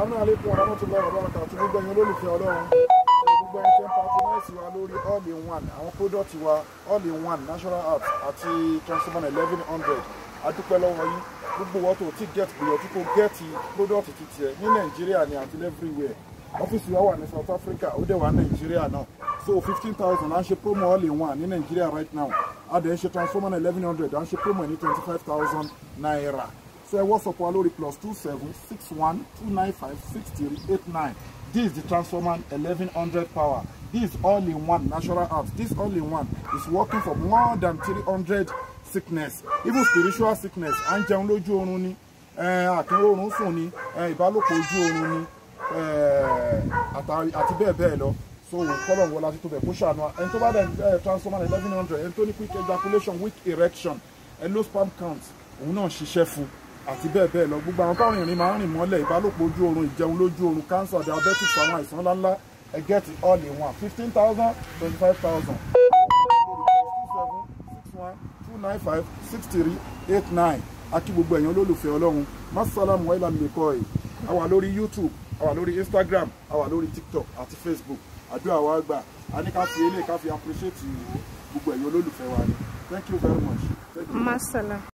Assalamu alaikum warahmatullahi wabarakatuh gbogbo ẹ̀yin olólùfẹ́ ọlọ́run gbogbo ẹni tẹ́ ń patronize wa lórí all in one àwọn product wa all in one natural art àti transformer eleven hundred adúpẹ́ lọ́wọ́ yín gbogbo wọ́n tó ti get gbìyànjú kó get product ti tiẹ̀ ní nàìjíríà ni àti everywhere ọ́fíìsì wa wà ní South Africa ó dẹ̀ wà nàìjíríà náà so fifteen thousand à ń ṣe promo all in one ní nàìjíríà right now a dẹ̀ ń ṣe transformer eleven hundred à ń ṣe promo ní twenty five thousand naira so ẹ WhatsApp wa lórí plus two seven six one two nine five six three eight nine this is the transformer eleven hundred power this is all in one natural herbs this all in one is working for more than three hundred sickness even spiritual sickness à ń jẹun lójú oorun ni suni sùn ni ìbálòpọ̀ ojú oorun ni àti bẹ́ẹ̀ bẹ́ẹ̀ lọ so kọ́lọ̀n wọlé àti tó to kó ṣàánú ẹni tó bá transformer eleven hundred ẹni tó quick ejaculation weak erection and low sperm counts. òun náà ṣiṣẹ́ àti bẹ́ẹ̀ bẹ́ẹ̀ lọ gbogbo àwọn táwọn ìrìn máa ń rìn mọ́lẹ̀ ìbálòpọ̀ ojú oorun ìjẹun lójú oorun cancer diabetes àwọn àìsàn ńláńlá ẹ get all in one fifteen thousand twenty five thousand one two nine five six three eight nine akí gbogbo ẹ̀yàn olólùfẹ́ ọlọ́run masalamu wa ilam lekoi a wà lórí youtube a wà lórí instagram a wà lórí tiktok àti facebook àdúrà wa gbà a ní ká fi eléyìí ká fi appreciate gbogbo ẹ̀yàn olólùfẹ́ wa ni thank you very much. masala.